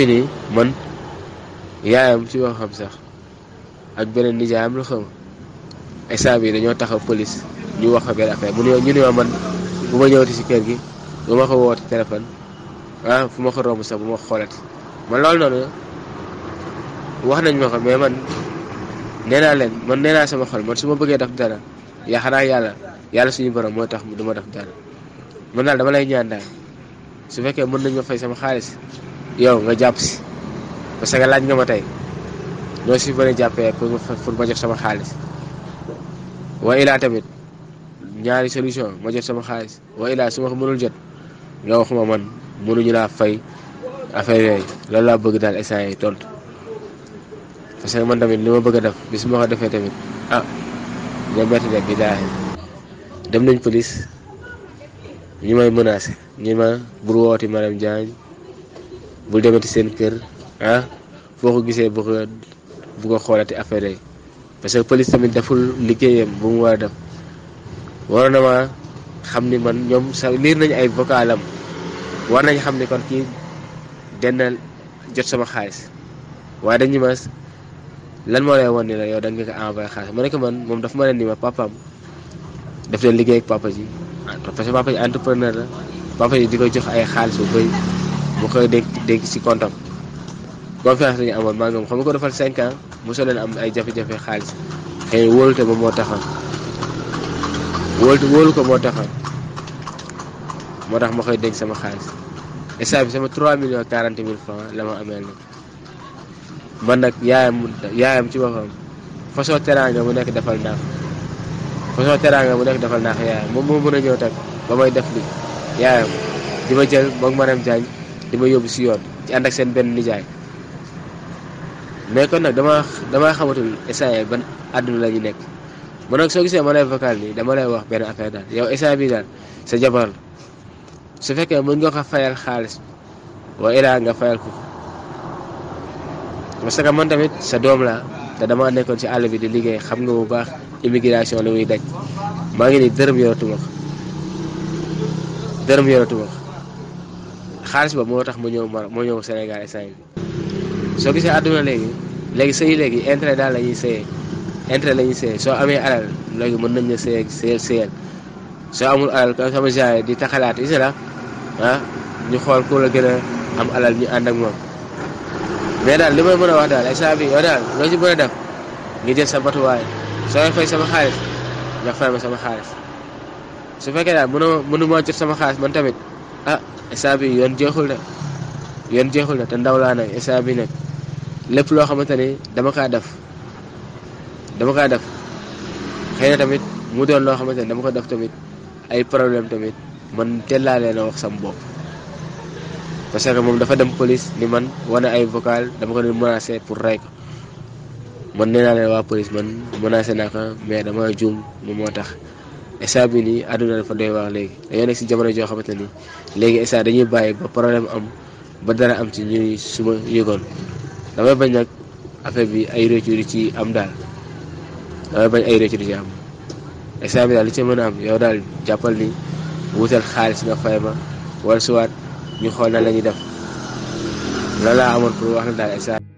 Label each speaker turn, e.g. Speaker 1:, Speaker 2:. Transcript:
Speaker 1: fi nii man yaayam ci yoo xam sax ak beneen nijaayam la xam ay saab yi dañoo taxaw police ñu wax ko benn affaire mu ne ñu ne man bu ma ñëwati si kër gi bu ma ko woote téléphone ah fu ma ko romb sax bu ma ko xoolati man loolu noonu wax nañ ma ko mais man nee naa leen man nee naa sama xol man su ma bëggee def dara yaa xanaa yàlla yàlla suñu borom moo tax du ma def dara man daal dama lay ñaan daal su fekkee mën nañ ma fay sama xaalis yow nga jàpp si parce que laaj nga ma tey loo si ba a jàppee pour ma jot sama xaalis wa ilaa tamit ñaari solution ma jot sama xaalis wa ilaa su ma ko mënul jot nga wax ma man mënuñu laa fay affaire yooyu loolu laa bëgg daal instant yi tontu parce que man tamit ni ma bëgg a def su ma ko defee tamit ah nga métti de bi daaxe dem nañ police ñu may menacé ñi ma bur wooti madame Diagne bul demati seen kër ah foo ko gisee bu ko bu ko xoolati affaire yi parce que police tamit deful liggéeyam bu mu war a def waroon na ma xam ni man ñoom sax liir nañu ay am war nañu xam ni kon kii dennal jot sama xaalis waaye dañu ma lan moo lay won ni la yow da nga ko envoyé xaalis ma ne man moom dafa ma ne ni ma papaam daf leen liggéey ak papa ji parce que papa ji entrepreneur la papa ji di ko jox ay xaalis bu bëri mu koy dégg dégg si compte am confiance la ñu amoon maa ngi moom xam nga ko defal 5 ans mosoo leen am ay jafe-jafe xaalis xëy wóolute ba moo taxaw wóolute wóolu ko moo taxaw moo tax ma koy dégg sama xaalis instant bi sama 3 millions 40 mille francs la ma ameel nag man nag yaayam yaayam ci boppam façon teraanga mu nekk defal naa façon teraanga mu nekk defal naa yaayam moom moo mën a ñëw teg ba may def li yaayam di ma jël moom Marème Diagne. di ma yóbbu si yoon ci ànd ak seen benn nijaay mais kon nag dama damaa xamatul essayé ban àdduna la ñu nekk man nag soo gisee ma lay vocal nii dama lay wax benn affaire daal yow essayé bi daal sa jabar su fekkee mën nga a fayal xaalis wa ilaa nga fayal ko parce que man tamit sa doom laa te dama nekkoon ci àll bi di liggéey xam nga bu baax immigration la muy daj maa ngi ni dërëm yoratuma ko dërëm yoratuma ko xaalis ba moo tax mu ñëw mar moo ñëw Sénégal instant soo gisee àdduna léegi léegi sëy léegi intérêt daal la ñuy sëyee intérêt la sëyee soo amee alal léegi mën nañ la sëyee sëyal sëyal soo amul alal ka sama genre di taxalaat is la ah ñu xool ku la gën a am alal ñu ànd ak moom mais daal li may mën a wax daal instant bi yow daal loo ci mën a def nga jël sa batuwaay soo fay sama xaalis nga sama xaalis fekkee daal mënu maa jot sama xaalis man tamit ah, instant bi yoon jeexul na yoon jeexul de te ndaw laa nag instant bi nag lépp loo xamante ni dama kaa def dama kaa def xëy na tamit mu doon loo xamante ni dama ko def tamit ay problème tamit man teel laa leen wax sam bopp parce que moom dafa dem police ni man wane ay vocal dama ko doon menacé pour rek ko man nee naa leen waa police man menacé naa ko mais dama juum moom moo tax esa bi nii àdduna dafa doy waar léegi dañoo nekk si jamono joo xamante ni léegi esa dañuy bàyyi ba problème am ba dara am ci ñuy suma yëgoon damay bañ nag affaire bi ay réccu di ci am daal damay bañ ay réccu di ci am esa bi daal li ci mën a am yow daal jàppal ni wutal xaalis nga fay ma wala suwaat ñu xool na la def la laa amoon pour wax na daal esa